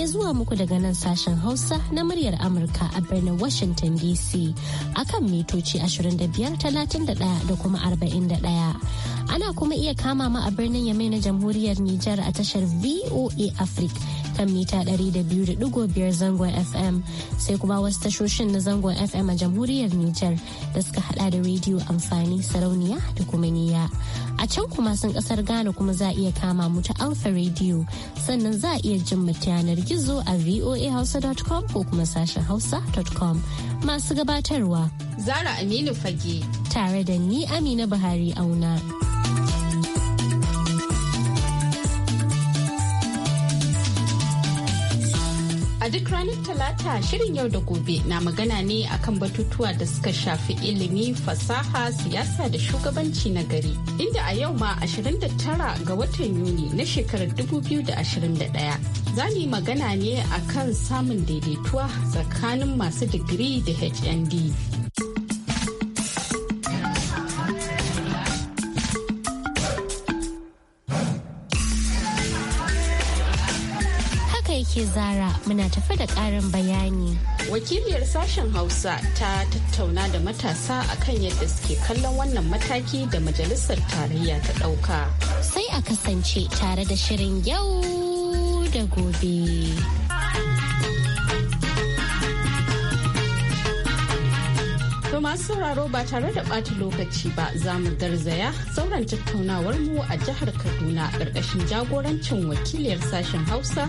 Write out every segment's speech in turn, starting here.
ke zuwa muku daga nan sashen Hausa na muryar Amurka a birnin Washington DC akan mitoci 25,31 da kuma 41. Ana kuma iya kama ma a birnin Yamai na Jamhuriyar Nijar a tashar VOA Africa kan mita 200.5 zangon FM sai kuma wasu tashoshin na zangon FM a jamhuriyar Nijar da suka hada da rediyo amfani sarauniya da kuma niya. A can kuma sun kasar Ghana kuma za a iya kama mu ta Alpha Radio sannan za a iya jin yanar gizo a voahausa.com ko kuma sashen hausa.com masu gabatarwa. Zara Aminu Fage. Tare da ni Amina Buhari Auna. duk ranar Talata shirin yau da gobe na magana ne akan batutuwa da suka shafi ilimi, fasaha, siyasa da shugabanci na gari. Inda a yau ma 29 ga watan Yuni na shekarar 2021 za mu magana ne akan samun daidaituwa tsakanin masu digiri da HND ce Zara muna tafi da ƙarin bayani. Wakiliyar sashen Hausa ta tattauna da matasa a kan yadda suke kallon wannan mataki da majalisar tarayya ta ɗauka. Sai a kasance tare da shirin yau da gobe. masu sauraro ba tare da ɓata lokaci ba za mu garzaya sauran tattaunawar mu a jihar Kaduna ƙarƙashin jagorancin wakiliyar sashen Hausa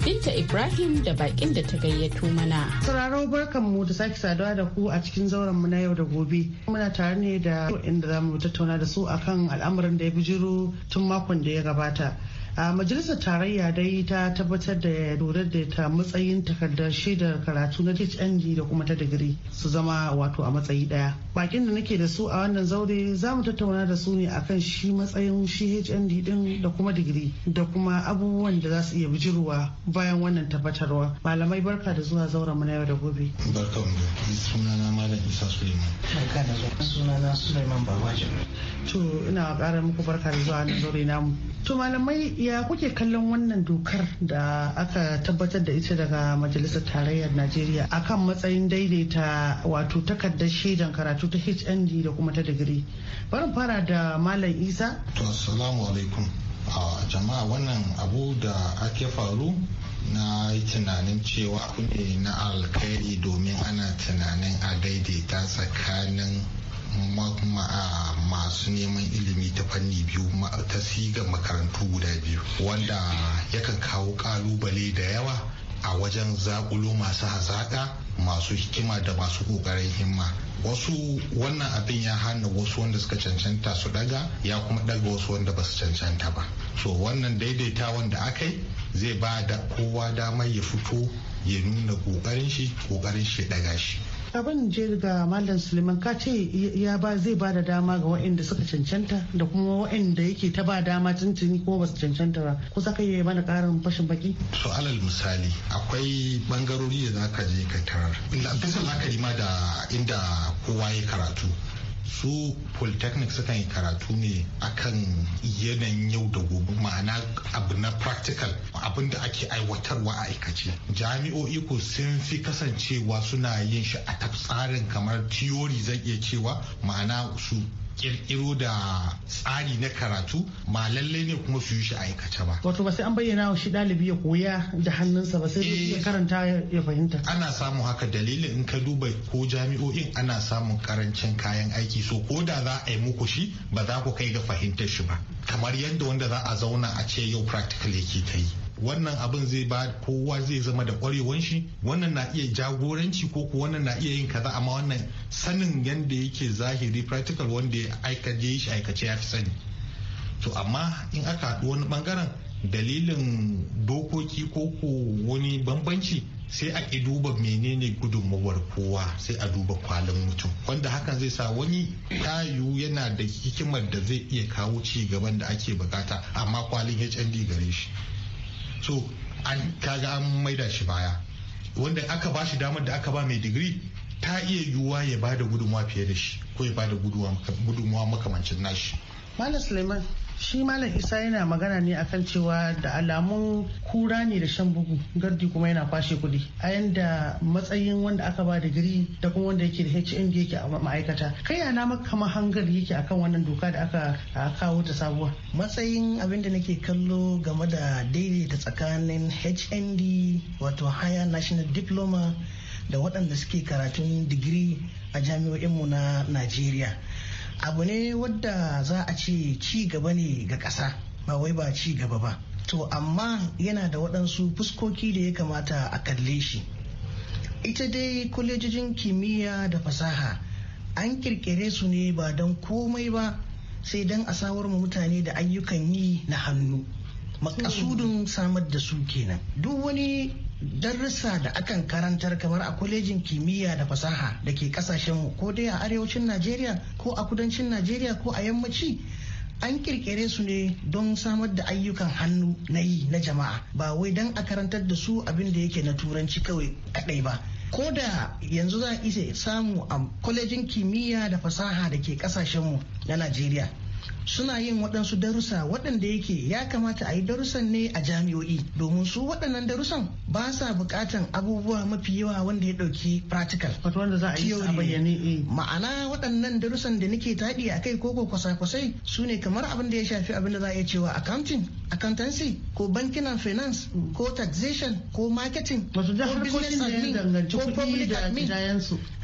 Binta Ibrahim da bakin da ta gayyato mana. Sauraro barkan mu da sake saduwa da ku a cikin zauren mu na yau da gobe. Muna tare ne da inda za mu tattauna da su akan al'amuran da ya bijiro tun makon da ya gabata. a majalisar tarayya dai ta tabbatar da dorar da ta matsayin takardar shaidar karatu na hnd da kuma ta digiri su zama wato a matsayi daya bakin da nake da su a wannan zaure za mu tattauna da su ne akan shi matsayin shi hnd din da kuma digiri da kuma abubuwan da za su iya bijirwa bayan wannan tabbatarwa malamai barka da zuwa zauren mu na yau da gobe barka mu sunana malam isa suleiman barka da zuwa sunana suleiman babaji to ina ƙara muku barka da zuwa na zaure namu To malamai ya kuke kallon wannan dokar da aka tabbatar da ita daga Majalisar Tarayyar Najeriya akan matsayin daidaita wato takardar shaidan karatu ta HND da kuma ta digiri. barin fara da Malam Isa. To assalamu alaikum. jama'a wannan abu da ake faru na yi tunanin cewa abu ne na alkhairi domin ana tunanin a daidaita tsakanin masu neman ilimi ta fanni biyu ta siga makarantu guda biyu wanda yakan kawo kalubale da yawa a wajen zakulo masu hazaƙa masu hikima da masu ƙoƙarin himma wasu wannan abin ya hana wasu wanda suka cancanta su daga ya kuma daga wasu wanda ba su cancanta ba so wannan daidaita wanda aka yi zai ba da kowa damar ya fito ya nuna ƙoƙarin shi ƙoƙarin shi daga shi abin je ga malam suleiman ka ce ya ba zai ba da dama ga waɗanda suka cancanta da kuma waɗanda yake ta ba dama tuntuni kuma ba su cancanta ba ko za ka yi mana ƙarin fashin baki to alal misali akwai bangarori da za ka je ka tarar inda bisa ma da inda kowa ya karatu su polytechnic sukan yi karatu ne akan yanayin yau da gobe ma'ana abu na practical abin da ake aiwatarwa a aikace jami'o'i ko sun fi kasancewa suna yin shi a tsarin kamar theory zai iya cewa ma'ana su kirkiro da tsari na karatu ma lallai ne kuma su yi shi aikace ba wato ba sai an bayyana shi ɗalibi ya koya da hannunsa ba sai ya eh, karanta ya fahimta ana samun haka dalilin in ka duba ko jami'o'in ana samun karancin kayan aiki so ko da za a yi muku shi ba za ku kai ga fahimtar shi ba kamar yadda wanda za a zauna a ce yau practical yake ta yi wannan abin zai ba kowa zai zama da kwarewan shi wannan na iya jagoranci ko ko wannan na iya yin kaza amma wannan sanin yadda yake zahiri practical wanda ya aikace shi aikace ya fi sani to amma in aka haɗu wani bangaren dalilin dokoki ko ko wani bambanci sai a duba menene gudunmawar kowa sai a duba kwalin mutum wanda hakan zai sa wani tayu yana da hikimar da zai iya kawo ci gaban da ake bukata amma kwalin hnd gare shi so an kaga an maida shi baya wanda aka ba shi damar da aka ba mai digiri ta iya yiwuwa ya ba da gudunmuwa fiye da shi ko ya ba da gudunmuwa makamancin nashi malam suleiman shi malam isa yana magana ne akan cewa da alamun kura ne da shan bugu gardi kuma yana kwashe kuɗi a yanda matsayin wanda aka ba digiri da kuma wanda yake da hnd yake a ma'aikata kai na maka hangar yake akan wannan doka da aka kawo ta sabuwa matsayin abin da nake kallo game da daidaita tsakanin hnd wato higher national diploma da waɗanda suke karatun digiri a jami'o'inmu na najeriya abu ne wadda za a ce ci gaba ne ga ƙasa ba wai ba ci gaba ba to amma yana da waɗansu fuskoki da ya kamata a kalle shi ita dai kwalejojin kimiyya da fasaha an kirkire su ne ba don komai ba sai don a samar mu mutane da ayyukan yi na hannu makasudin samar da su kenan duk wani darussa da akan karantar kamar a kwalejin kimiyya da fasaha da ke kasashen ko dai a arewacin najeriya ko a kudancin najeriya ko a yammaci an kirkire su ne don samar da ayyukan hannu na yi na jama'a ba wai don a karantar da su abin da yake na turanci kawai kadai ba ko da yanzu za a isa samu a kwalejin kimiyya da fasaha da ke kasashenmu na najeriya suna yin waɗansu darussa waɗanda yake ya kamata a yi darussan ne a jami'o'i domin su waɗannan darussan ba sa buƙatan abubuwa mafi yawa wanda ya ɗauki practical eh. ma'ana waɗannan darussan da nake taɗi a kai koko kwasa-kwasai su ne kamar abin da ya shafi abin da za a iya cewa accounting accountancy ko banking and finance ko taxation ko marketing ko business admin ko public admin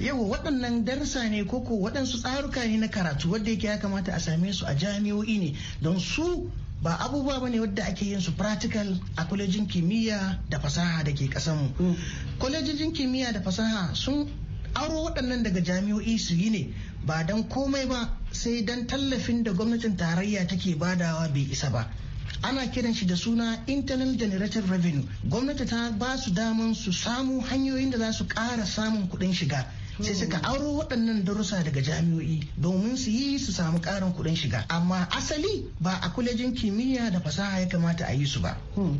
yawa waɗannan darussa ne koko waɗansu tsaruka ne na karatu wanda yake ya kamata a same su a jami'o'i ne don su ba abubuwa ba ne wadda ake yin su practical a kwalejin kimiyya da fasaha da ke mu. Mm. kwalejin kimiyya da fasaha sun aro waɗannan daga jami'o'i su yi ne ba don komai ba sai don tallafin da gwamnatin tarayya take badawa bai isa ba ana kiran shi da suna internal generated revenue gwamnati ta ba su daman su samu hanyoyin da za su ƙara samun kuɗin shiga sai suka auro waɗannan darussa daga jami'o'i domin su yi su samu ƙarin kuɗin shiga amma asali ba a kwalejin kimiyya da fasaha ya kamata a yi su ba hmm.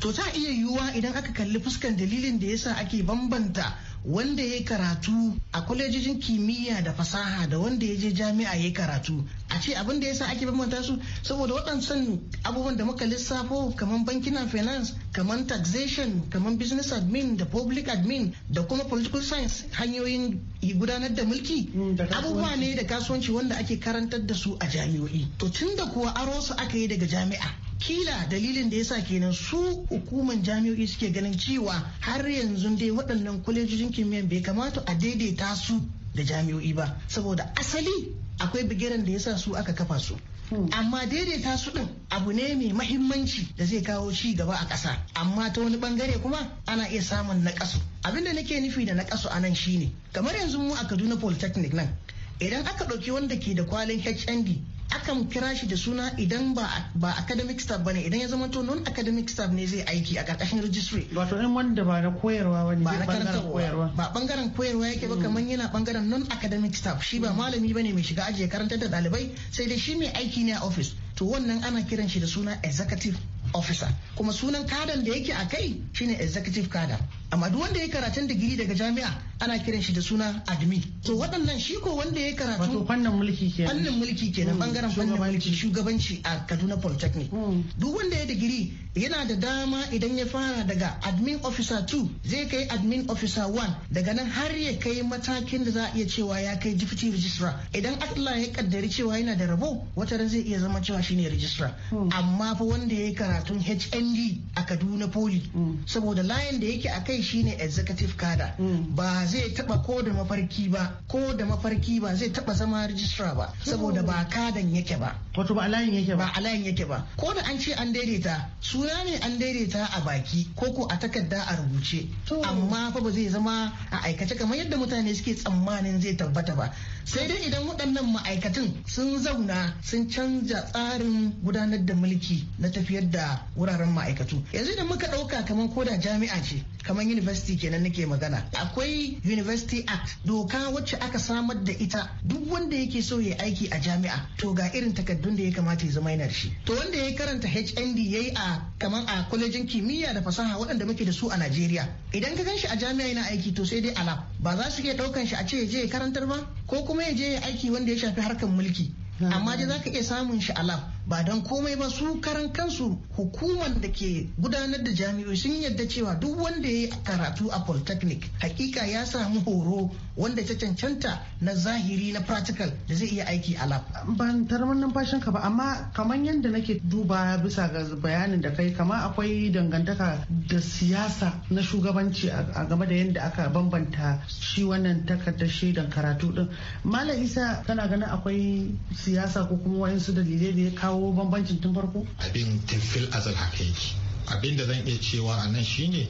to ta iya yiwuwa idan aka kalli fuskan dalilin da yasa ake bambanta wanda ya karatu a kwalejin kimiyya da fasaha da wanda ya je jami'a ya karatu a ce abin da yasa ake bambanta su saboda waɗansan abubuwan da muka lissafo kamar bankin bankina finance kamar taxation kamar business admin da public admin da kuma political science hanyoyin gudanar da mulki mm, abubuwa ne da kasuwanci wanda ake karantar da su a jami'o'i to tun da kuwa aro su aka yi daga jami'a kila dalilin da yasa kenan su hukuman jami'o'i suke ganin cewa har yanzu dai waɗannan kwalejojin kimiyyar bai kamata a daidaita su da jami'o'i ba saboda asali akwai bigiran da ya sa su aka kafa su hmm. amma daidaita su ɗin abu ne mai mahimmanci da zai kawo ci gaba a ƙasa amma ta wani bangare kuma ana iya samun naƙasu abin da nake nufi da naƙasu anan shine kamar yanzu mu a Kaduna Polytechnic nan idan aka ɗauki wanda ke da kwalin HND akan kira shi da suna idan ba ba academic staff bane idan ya zama to non academic staff ne zai aiki a karkashin registry wato ɗan wanda ba na koyarwa bane ba na koyarwa ba bangaren koyarwa yake ba kamar yana bangaren non academic staff shi ba malami bane mai shiga aji ya karantar da ɗalibai sai dai shi mai aiki ne a office to wannan ana kiran shi da suna executive officer kuma sunan kadan da yake a kai shine executive kada amma duk wanda ya karatun digiri daga jami'a ana kiran shi da suna admin to waɗannan shi ko wanda ya karatu wato fannin mulki ke fannin mulki kenan bangaren hmm, fannin mulki shugabanci a Kaduna Polytechnic hmm. duk wanda ya digiri yana da dama idan ya fara daga admin officer 2 zai kai admin officer 1 daga nan har ya kai matakin da za a iya cewa ya kai deputy registrar idan Allah ya kaddari cewa yana da rabo wata ran zai iya zama cewa shine registrar hmm. amma fa wanda ya yi karatun HND a Kaduna Poly saboda layin da yake a kai shine executive cadre ba zai taba ko da mafarki ba ko da mafarki ba zai taba zama rijistra ba saboda ba kadan yake ba wato ba alayin yake ba alayin yake ba ko da an ce an daidaita suna ne an daidaita a baki ko ko a takarda a rubuce amma fa ba zai zama a aikace kamar yadda mutane suke tsammanin zai tabbata ba sai dai idan waɗannan ma'aikatan sun zauna sun canza tsarin gudanar da mulki na tafiyar da wuraren ma'aikatu yanzu da muka ɗauka kamar koda jami'a ce kamar university kenan nake magana akwai university act doka wacce aka samar da ita duk wanda yake so ya aiki a jami'a to ga irin takaddun da ya kamata ya zama yanar shi to wanda ya karanta hnd ya yi a kamar a kwalejin kimiyya da fasaha waɗanda muke da su a najeriya idan ka gan shi a jami'a yana aiki to sai dai ala ba za su iya ɗaukan shi a ce ya je ya karantar ba ko kuma ya je aiki wanda ya shafi harkar mulki ah. amma za ka iya samun shi a lab ba don komai ba su karan kansu hukumar da ke gudanar da jami'o sun yadda cewa duk wanda ya yi karatu a polytechnic hakika ya samu horo wanda ta cancanta na zahiri na practical da zai iya aiki a lab. ban tarman numfashin ka ba amma kamar yadda nake duba bisa ga bayanin da kai kama akwai dangantaka da siyasa na shugabanci a game da yadda aka bambanta shi wannan takardar shaidan karatu din malam isa kana ganin akwai siyasa ko kuma wa'insu dalilai da ya kawo kawo bambancin tun farko abin tafil azal haka yake abin da zan iya cewa a nan shine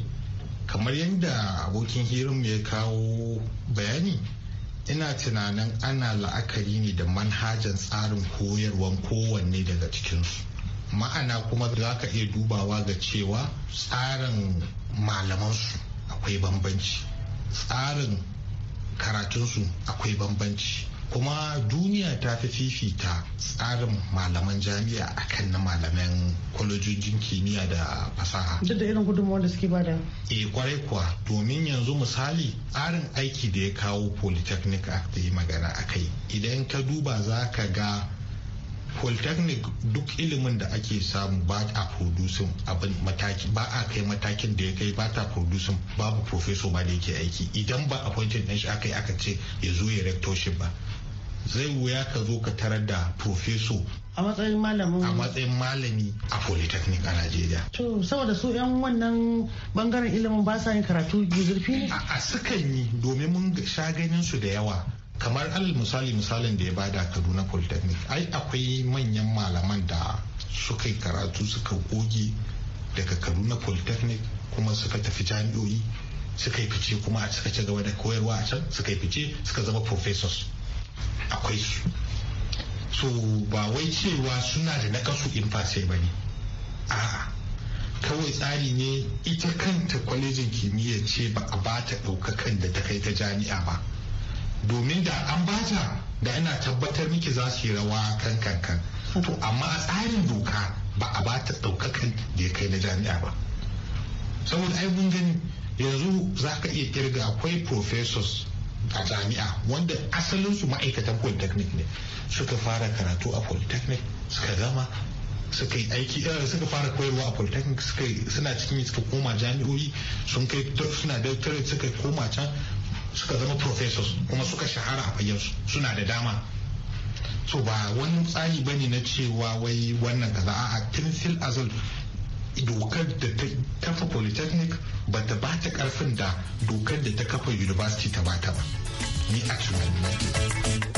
kamar yadda abokin hirin ya kawo bayani ina tunanin ana la'akari ne da manhajan tsarin koyarwan kowanne daga cikinsu ma'ana kuma za ka iya dubawa ga cewa tsarin malamansu akwai bambanci tsarin karatunsu akwai bambanci kuma duniya ta fi fifita tsarin malaman jami'a a kan na malaman kwalejojin kimiyya da fasaha duk da irin gudunmawar da suke bada eh kwarai kuwa domin yanzu misali tsarin aiki da ya kawo polytechnic act yi magana a kai idan ka duba za ka ga polytechnic duk ilimin da ake samu ba a producing abin mataki ba a kai matakin da ya kai ba ta producing babu professor ba da yake aiki idan ba appointed din shi aka yi aka ce ya zo ya rectorship ba zai wuya ka zo ka tarar da profeso a matsayin malamin a matsayin malami a polytechnic a Najeriya. To saboda su yan wannan bangaren ilimin ba sa yin karatu zurfi ne? A sukan yi domin mun sha ganin su da yawa kamar alal misali misalin da ya bada Kaduna Polytechnic ai akwai manyan malaman da suka yi karatu suka goge daga Kaduna Polytechnic kuma suka tafi jami'o'i suka yi fice kuma suka ci gaba da koyarwa a can suka yi fice suka zama professors. akwai su so ba wai cewa suna da nakasu in fasai ba ne a'a kawai tsari ne ita kanta kwalejin kimiyya ce ba a ba ta ɗaukakan da ta kai ta jami'a ba domin da an bata da ina tabbatar miki za su yi rawa kan kankan to amma a tsarin doka ba a ba ta ɗaukakan da ya kai na jami'a ba saboda ai mun gani yanzu za ka iya kirga akwai professors a jami'a wanda asalinsu ma'aikatan polytechnic ne suka fara karatu a polytechnic suka gama suka yi aiki eh, suka fara koyarwa a polytechnic suka suna cikin suka koma jami'o'i sun kai suna doctorate suka koma can suka zama professors kuma suka shahara a fayyarsu suna da dama so ba wani tsari bane na cewa wai wannan kaza a tinsil azul dokar da ta kafa polytechnic ba ta ba ta karfin da dokar da ta kafa university ta ba ta ba ni a tunanina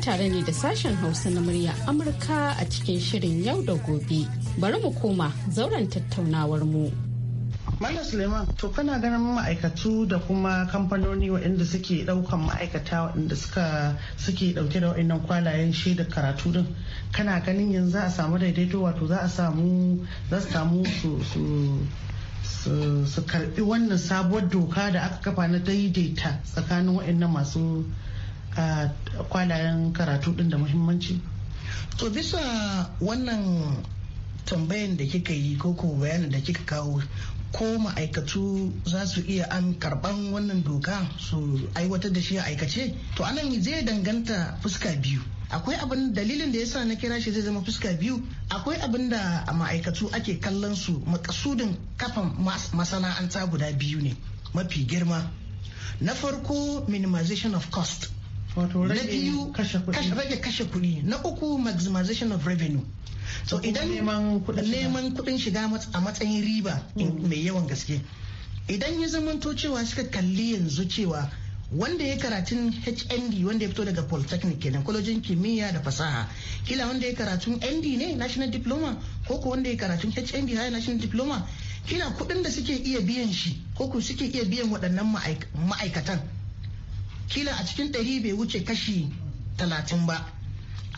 tare ne da sashen Hausa na murya Amurka a cikin shirin yau da gobe. Bari mu koma zauren tattaunawar mu. Malam Suleiman, to kana ganin ma'aikatu da kuma kamfanoni waɗanda suke ɗaukan ma'aikata waɗanda suke ɗauke da waɗannan kwalayen da karatu din. Kana ganin yanzu za a samu daidaito wato za a samu za su samu su su wannan sabuwar doka da aka kafa na daidaita tsakanin waɗannan masu a kwalayen karatu din da muhimmanci? To bisa wannan tambayan da kika yi ko ko da kika kawo ko ma'aikatu za su iya an karban wannan doka su aiwatar da shi a aikace to anan zai danganta fuska biyu akwai abin dalilin da ya sa na kira shi zai zama fuska biyu akwai abin da a ma'aikatu ake kallon su makasudin kafan masana'anta guda biyu ne mafi girma na farko minimization of cost na biyu kashe kuɗi na uku maximization of revenue so idan neman kuɗin shiga a matsayin riba hmm. mai yawan gaske idan ya zamanto cewa suka kalli yanzu cewa wanda ya karatun HND wanda ya fito daga Polytechnic kenan kwalojin kimiyya da fasaha kila wanda ya karatun ND ne National Diploma ko ko wanda ya karatun HND higher National Diploma kila kuɗin da suke iya biyan shi ko ko suke iya biyan waɗannan ma'aikatan kila a cikin ɗari bai wuce kashi talatin ba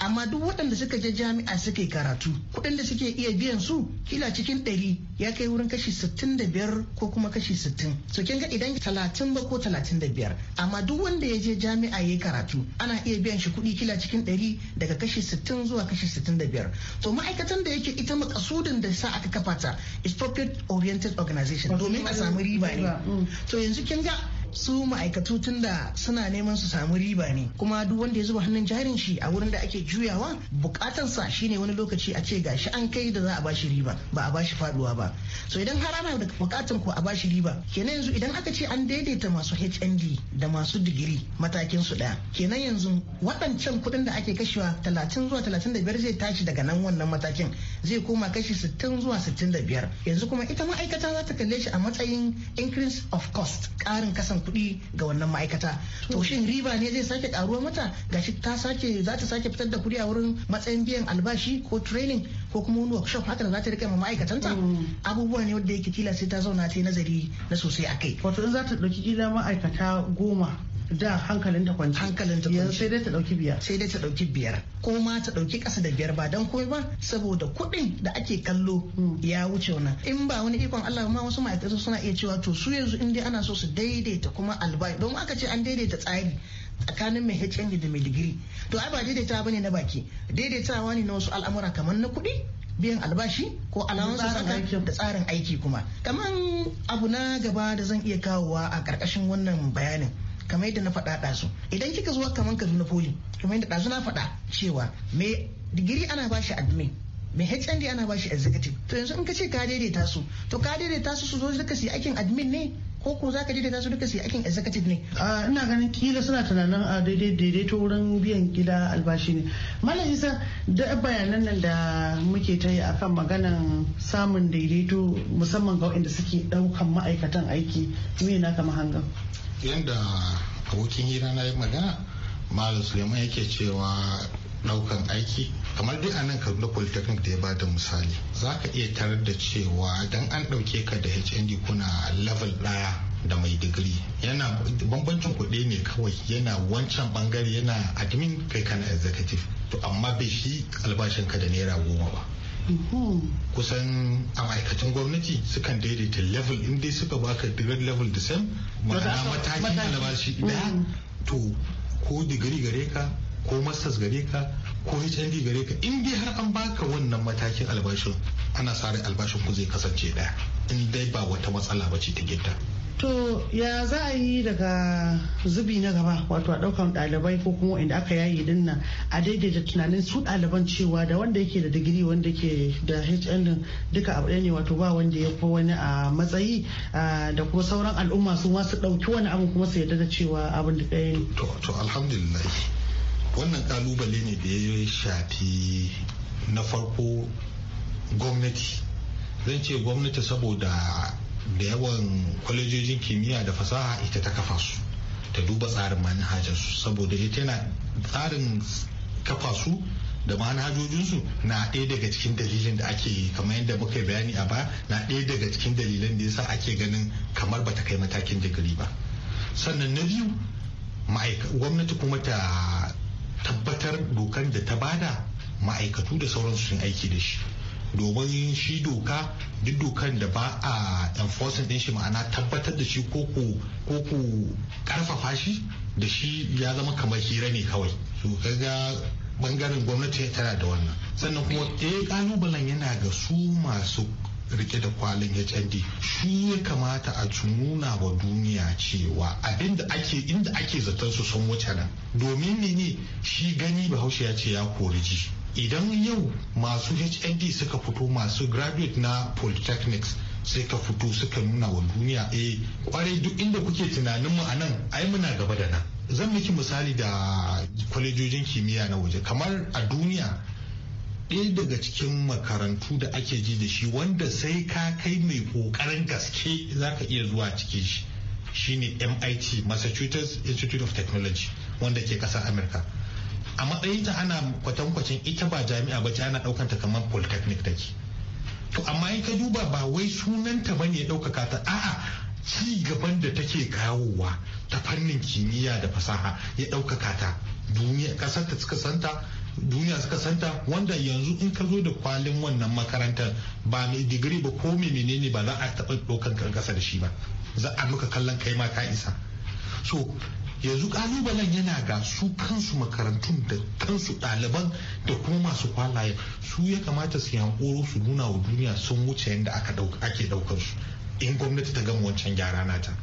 amma duk waɗanda suka je jami'a suka yi karatu kuɗin da suke iya biyan su kila cikin ɗari ya kai wurin kashi sittin da biyar ko kuma kashi sittin so kin ga idan talatin ba ko talatin da biyar amma duk wanda ya je jami'a ya yi karatu ana iya biyan shi kuɗi kila cikin ɗari daga kashi sittin zuwa kashi sittin da biyar to ma'aikatan da yake ita makasudin da sa aka kafa ta is profit oriented organization domin a samu riba ne mm. to yanzu kin ga su ma'aikatu tun da suna neman su samu riba ne kuma duk wanda ya zuba hannun jarin shi a wurin da ake juyawa bukatan sa shine wani lokaci a ce gashi an kai da za a bashi riba ba a bashi faduwa ba so idan har ana da bukatan ku a bashi riba kenan yanzu idan aka ce an daidaita masu HND da masu digiri matakin su daya kenan yanzu waɗancan kuɗin da ake kashewa 30 zuwa 35 zai tashi daga nan wannan matakin zai koma kashi 60 zuwa 65 yanzu kuma ita ma'aikata za ta kalle shi a matsayin increase of cost ƙarin kasan kuɗi ga wannan ma'aikata to shin riba ne zai sake karuwa mata gashi ta sake za ta sake fitar da kuɗi a wurin matsayin biyan albashi ko training ko kuma wani workshop haka da za ta rika ma ma'aikatanta mm. abubuwa ne wanda yake kila sai ta zauna ta yi nazari na sosai akai wato in za ta ɗauki kila ma'aikata goma da hankalin ta kwanci hankalin ta kwanci sai dai ta dauki biyar sai dai ta dauki biyar ko ma ta dauki kasa da biyar ba dan komai ba saboda kuɗin da ake kallo hmm. ya wuce wannan in ba wani ikon Allah ma wasu ma'aikatu suna iya cewa to su yanzu in dai ana so su daidaita kuma albai don aka ce an daidaita tsari tsakanin mai HND da mai digiri to ai ba daidaita bane na baki daidaitawa ne na wasu al'amura kamar na kuɗi biyan albashi ko alawansu da tsarin aiki kuma kamar abu na gaba da zan iya kawowa a ƙarƙashin wannan bayanin kamar yadda na faɗa ɗazu idan kika zuwa kamar kaduna poli kamar yadda ɗazu na faɗa cewa me digiri ana bashi admin mai hnd ana bashi executive to yanzu in ka ce ka daidaita su to ka daidaita su su zo duka su yi aikin admin ne ko ko za ka je da za su duka su yi aikin executive ne ina ganin kila suna tunanin a daidai daidaito wurin biyan gida albashi ne malam isa da bayanan nan da muke ta yi akan maganan samun daidaito musamman ga waɗanda suke ɗaukan ma'aikatan aiki me na kama hangan yanda abokin hira na yi magana malam suleiman yake cewa daukan aiki kamar dai anan kaduna polytechnic da ya ba da misali za ka iya tarar da cewa don an ɗauke ka da hnd kuna level ɗaya da mai digiri yana bambancin kuɗi ne kawai yana wancan bangare yana admin kai kana executive to amma bai shi albashin ka da naira goma ba kusan a ma'aikatan gwamnati sukan daidaita level in dai suka baka grade level the same ma'ana matakin albashi daya mm. to ko digiri gare ka ko masters gare ka ko hiv gare ka in dai har an baka wannan matakin albashin ana sa albashin ku zai kasance daya in dai ba wata matsala ba ce ta gidda To ya za a yi daga zubi na gaba wato a ɗaukan ɗalibai ko kuma inda aka yayi din nan a daidaita tunanin su ɗaliban cewa da wanda yake da digiri wanda ke da HN duka abu ne wato ba wanda ya fi wani a matsayi da kuma sauran al'umma su ma su ɗauki wani abu kuma su yarda da cewa abin da ɗaya To alhamdulillah wannan kalubale ne da ya shafi na farko gwamnati zan ce gwamnati saboda da yawan kwalejojin kimiyya da fasaha ita ta kafa su ta duba tsarin manhajarsu saboda ita yana tsarin kafa su da manhajojinsu na ɗaya daga cikin dalilin da ake kamar yadda muka bayani a baya na ɗaya daga cikin dalilan da yasa ake ganin kamar bata kai matakin digiri ba sannan na biyu gwamnati kuma ta tabbatar dokar da ta bada ma'aikatu da sauransu sun aiki da shi domin shi doka duk dokan da ba a enforcing din shi ma'ana tabbatar da shi ko ku karfafa shi da shi ya zama kamar hira ne kawai to kaga bangaren gwamnati tana da wannan sannan kuma ɗaya eh, ƙalubalen yana ga su masu rike da kwalin hnd shi ya kamata a nuna wa duniya cewa abinda ake inda ake zaton su sun wuce nan domin ne shi gani bahaushe ya ce ya kori ji idan yau masu hnd suka fito masu graduate na polytechnics sai ka fito suka nuna wa duniya eh kwarai duk inda kuke tunanin mu a nan ai muna gaba da nan zan miki misali da kwalejojin kimiyya na waje kamar a duniya ɗaya daga cikin makarantu da ake ji da shi wanda sai ka kai mai ƙoƙarin gaske za ka iya zuwa ciki shi shine MIT Massachusetts Institute of Technology wanda ke ƙasar Amurka. A matsayin matsayinta ana kwatankwacin ita ba jami'a ba ce ana ɗaukanta kamar polytechnic take. To amma in ka duba ba wai sunanta bane ya ɗaukaka ta a'a ci gaban da take kawowa ta fannin kimiyya da fasaha ya ɗaukaka ta duniya ƙasar ta suka santa duniya suka santa wanda yanzu in ka zo da kwalin wannan makarantar ba mai digiri ba ko mai menene ba za a taɓa ɗaukan kan ƙasa da shi ba za a maka kallon kai ma ka isa so yanzu ƙalubalen yana ga su kansu makarantun da kansu ɗaliban da kuma masu kwalaye su ya kamata su yankoro su nuna wa duniya sun wuce yadda ake ɗaukar su in gwamnati ta gama wancan gyara nata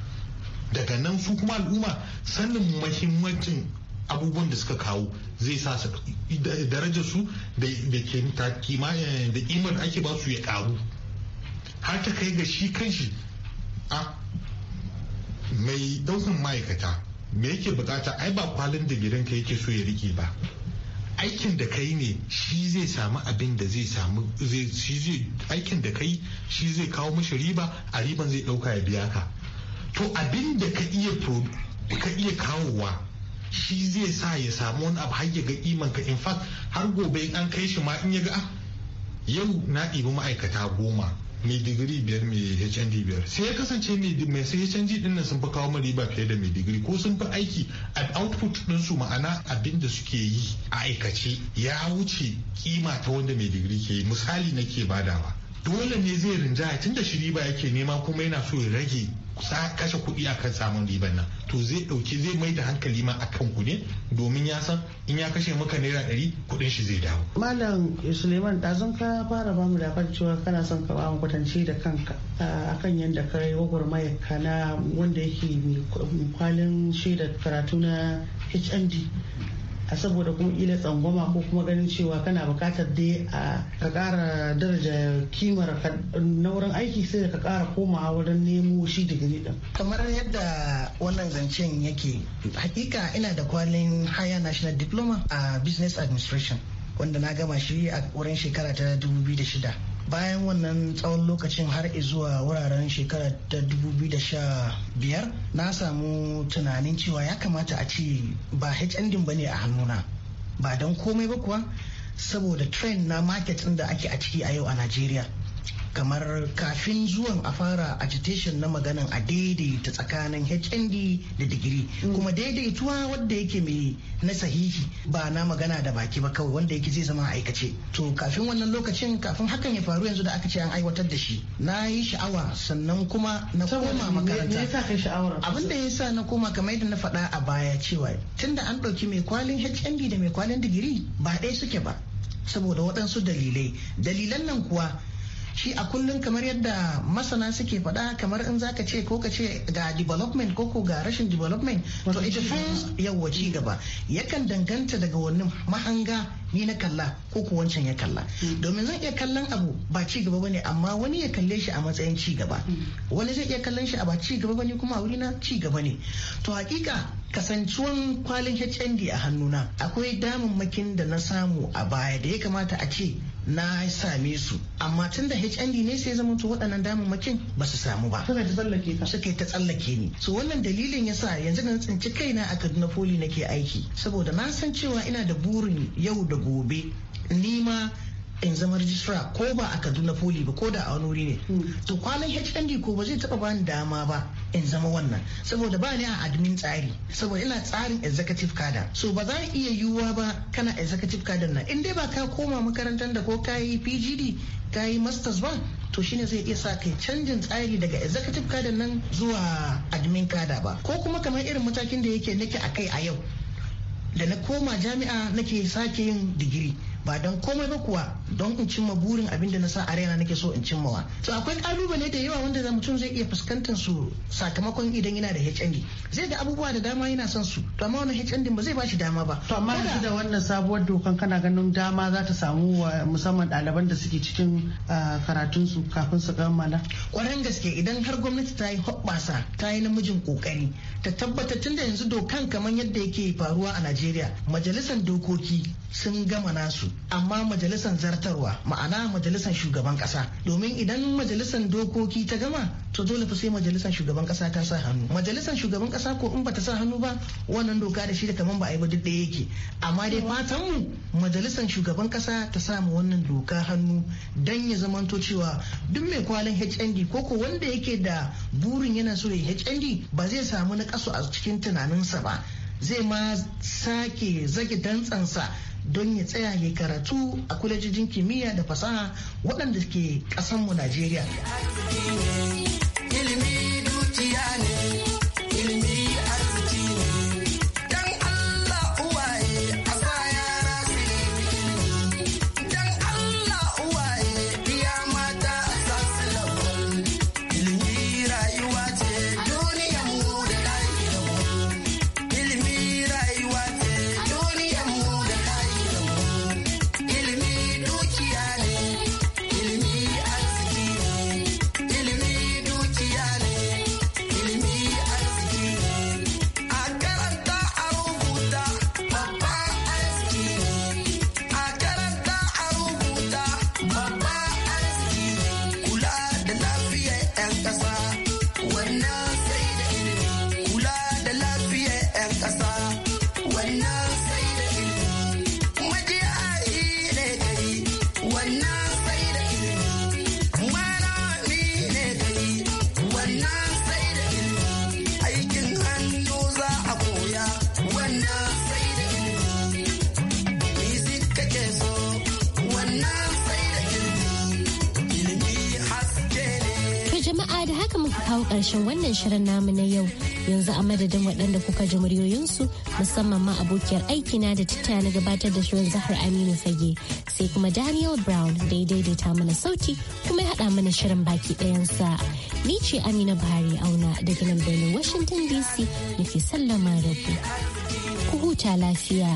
daga nan su kuma al'umma sanin muhimmancin abubuwan da suka kawo zai sa darajar su da da iman ake ba su ya karu har ta kai ga shi kanshi a mai daukan ma'aikata me yake bukata ai ba kwalin da gidanka yake so ya rike ba aikin da kai ne shi zai samu abin da zai samu shi zai aikin da kai shi zai kawo mashi riba a riban zai dauka ya biya ka to abin da ka iya ka iya kawowa shi zai sa ya samu wani abu har ya ga iman ka in fact har gobe an kai shi ma in ya ga ah, yau na ɗibi ma'aikata goma mai digiri biyar mai hnd biyar sai ya kasance mai sai hnd din nan sun fi kawo riba fiye da mai digiri ko sun fi aiki a output din su ma'ana abin da suke yi a aikace ya wuce kima ta wanda mai digiri ke yi misali nake badawa dole ne zai rinjaya tunda shi riba yake nema kuma yana so ya rage sa kashe kuɗi akan samun riban nan to zai ɗauki zai mai da hankali ma akan ku ne domin ya san in ya kashe maka naira ɗari kuɗin shi zai dawo. malam suleiman ɗazun ka fara bamu labarin cewa kana son ka bamu kwatance da kanka akan yadda ka yi gwagwarmayar ka na wanda yake kwalin shaidar karatu na hnd a saboda kuma ila tsangwama ko kuma ganin cewa kana bukatar dai a ka kara daraja kimar na wurin aiki sai ka kara komawa wurin nemo shi digiri din kamar yadda wannan zancen yake hakika ina da kwalin haya national diploma a business administration wanda na gama shi a wurin shekara ta 2006 bayan wannan tsawon lokacin har izuwa wuraren shekara ta da 2015 na samu tunanin cewa ya kamata a ce ba hnd ba ne a hannuna ba don komai ba kuwa saboda trend na market da ake a ciki a yau a najeriya kamar kafin zuwan a fara agitation na maganan a daidaita tsakanin hnd da digiri mm. kuma daidaituwa wadda yake mai na sahihi ba na magana da baki ba kawai wanda yake zai zama aikace to kafin wannan lokacin kafin hakan ya faru yanzu da aka ce an aiwatar da shi na yi sha'awa sannan kuma na koma makaranta abin da ya sa na koma kamar yadda na faɗa a baya cewa tunda an ɗauki mai kwalin hnd da mai kwalin digiri ba ɗaya suke ba saboda waɗansu dalilai dalilan nan kuwa shi a kullum kamar yadda masana suke faɗa kamar in zaka ce ko ka ce ga development ko ko ga rashin development to ita yawa ci gaba yakan danganta daga wannan mahanga ni na kalla ko ko wancan ya kalla hmm. domin zan iya kallon abu ba ci gaba bane amma wani ya kalle shi a matsayin ci gaba hmm. wani zai iya kallon shi a ba ci gaba bane kuma a na ci gaba ne to hakika kasancuwan kwalin HND a hannuna akwai damammakin da na samu a baya da ya kamata a ce na same su amma tun da HND ne sai zama to waɗannan makin ba su samu ba suka ta tsallake ka suka ta tsallake ni so wannan dalilin yasa yanzu da na tsinci kaina a Kaduna Poli nake aiki saboda na san cewa ina da burin yau da gobe ni ma in zama registrar ko ba a kaduna poli ba ko da a wani wuri ne hmm. to kwanan hnd ko ba zai taba bani dama ba in zama wannan saboda ba ni a admin tsari saboda ina tsarin executive kada so ba za iya yiwuwa ba kana executive kadan nan in dai ba ka koma makarantar da ko ka yi pgd ka yi masters ba to shine zai iya sa kai canjin tsari daga executive kada nan zuwa admin kada ba ko kuma kamar irin matakin da yake nake akai a yau da na koma jami'a nake sake yin digiri ba don komai ba kuwa don in cimma burin abin da na sa a raina nake so in cimma cimmawa to akwai kalubale da yawa wanda da mutum zai iya fuskantar su sakamakon idan yana da HND zai ga abubuwa da dama yana son su to amma wannan HND ba zai ba shi dama ba to amma yanzu da wannan sabuwar dokan kana ganin dama za ta samu wa musamman ɗaliban da suke cikin ah, karatun su kafin su kammala kwaran gaske idan har gwamnati ta yi hoɓɓasa ta yi namijin kokari ta tabbatar tun da yanzu dokan kamar yadda yake faruwa a Najeriya majalisar dokoki sun gama nasu amma majalisar zartarwa ma'ana majalisar shugaban kasa domin idan majalisar dokoki ta gama to dole fa sai majalisar shugaban kasa ta sa hannu majalisar shugaban kasa ko in bata sa hannu ba wannan doka da shi da kaman ba a yi ba duk da yake amma dai fatan mu majalisar shugaban kasa ta sa mu wannan doka hannu dan ya zamanto cewa duk mai kwalin HND ko ko wanda yake da burin yana so ya HND ba zai samu na kaso a cikin tunaninsa ba zai ma sake zage dantsansa don ya tsaya ya karatu a kwalejojin kimiyya da fasaha waɗanda ke ƙasanmu najeriya ilimi dukiya ne ƙarshen wannan shirin namu na yau yanzu a madadin waɗanda kuka ji muryoyinsu musamman ma abokiyar aikina da titta na gabatar da shirin zahar aminu fage sai kuma daniel brown da ya daidaita mana sauti kuma ya haɗa mana shirin baki ɗayansa ni ce amina buhari auna daga nan birnin washington dc nake sallama da ku ku huta lafiya.